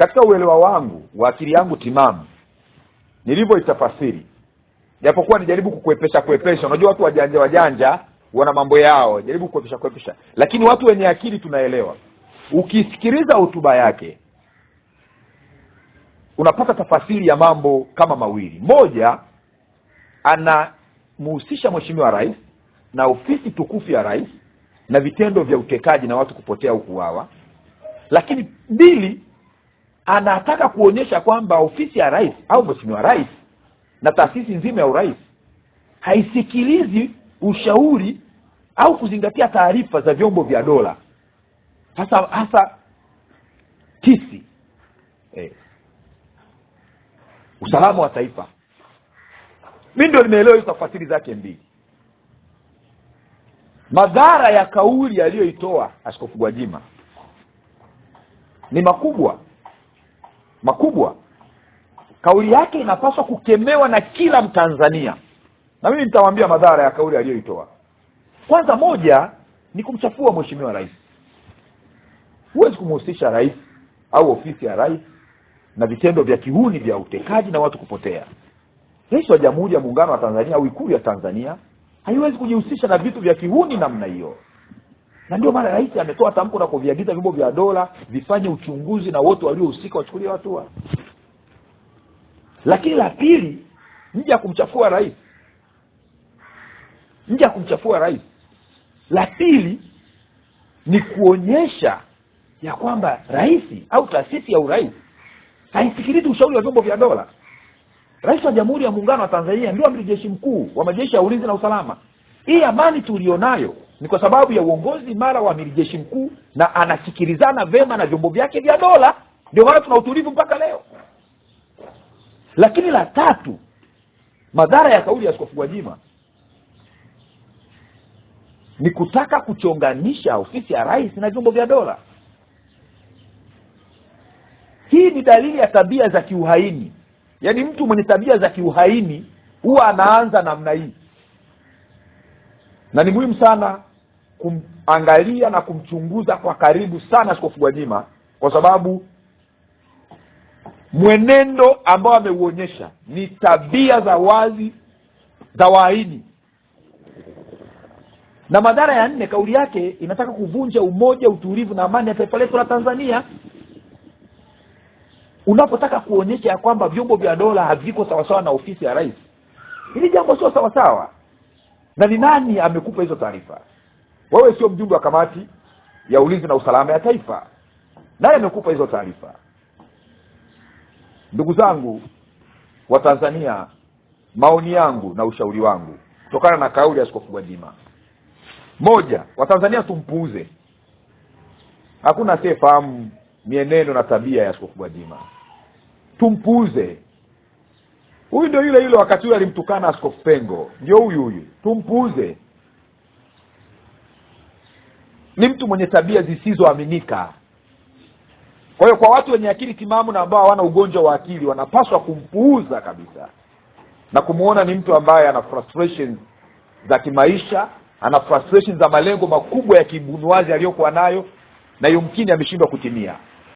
katika uelewa wangu wa akili yangu timamu nilivyoitafasiri, japokuwa nijaribu kukuepesha kuepesha, unajua watu wajanja wajanja wana mambo yao, jaribu kuepesha kuepesha, lakini watu wenye akili tunaelewa. Ukisikiliza hotuba yake unapata tafasiri ya mambo kama mawili. Moja, anamhusisha mheshimiwa rais na ofisi tukufu ya rais na vitendo vya utekaji na watu kupotea ukuwawa lakini mbili anataka kuonyesha kwamba ofisi ya rais au mweshimiwa rais na taasisi nzima ya urais haisikilizi ushauri au kuzingatia taarifa za vyombo vya dola hasa hasa tisi eh, usalama wa taifa. Mi ndio nimeelewa hizo tafasiri zake mbili, madhara ya kauli aliyoitoa Askofu Gwajima ni makubwa makubwa kauli yake inapaswa kukemewa na kila mtanzania na mimi nitawaambia madhara ya kauli aliyoitoa kwanza moja ni kumchafua mheshimiwa rais huwezi kumhusisha rais au ofisi ya rais na vitendo vya kihuni vya utekaji na watu kupotea rais wa jamhuri ya muungano wa tanzania au ikulu ya tanzania haiwezi kujihusisha na vitu vya kihuni namna hiyo na ndio maana rais ametoa tamko na kuviagiza vyombo vya dola vifanye uchunguzi na wote waliohusika wachukuliwe hatua lakini la pili nje ya kumchafua rais nje ya kumchafua rais la pili ni kuonyesha ya kwamba rais au taasisi ya urais haisikilizi ushauri wa vyombo vya dola rais wa jamhuri ya muungano wa tanzania ndio amiri jeshi mkuu wa majeshi ya ulinzi na usalama hii amani tulionayo ni kwa sababu ya uongozi imara wa amiri jeshi mkuu na anasikilizana vema na vyombo vyake vya dola ndio maana tuna utulivu mpaka leo lakini la tatu madhara ya kauli ya askofu gwajima ni kutaka kuchonganisha ofisi ya rais na vyombo vya dola hii ni dalili ya tabia za kiuhaini yaani mtu mwenye tabia za kiuhaini huwa anaanza namna hii na ni muhimu sana kumangalia na kumchunguza kwa karibu sana Askofu Gwajima kwa sababu mwenendo ambao ameuonyesha ni tabia za wazi za wahaini. Na madhara ya nne, kauli yake inataka kuvunja umoja, utulivu na amani ya taifa letu la Tanzania. Unapotaka kuonyesha ya kwamba vyombo vya dola haviko sawasawa na ofisi ya rais, hili jambo sio sawasawa. Na ni nani amekupa hizo taarifa? wewe sio mjumbe wa kamati ya ulinzi na usalama ya taifa. Nani amekupa hizo taarifa? Ndugu zangu wa Tanzania, maoni yangu na ushauri wangu kutokana na kauli ya Askofu Gwajima, moja, Watanzania tumpuuze. Hakuna asiyefahamu mieneno na tabia ya Askofu Gwajima, tumpuuze. Huyu ndio yule yule wakati huyo alimtukana Askofu Pengo, ndio huyu huyu, tumpuuze ni mtu mwenye tabia zisizoaminika. Kwa hiyo kwa watu wenye akili timamu na ambao hawana ugonjwa wa akili wanapaswa kumpuuza kabisa na kumwona ni mtu ambaye ana frustrations za kimaisha, ana frustrations za malengo makubwa ya kibunuazi aliyokuwa nayo na yumkini ameshindwa kutimia.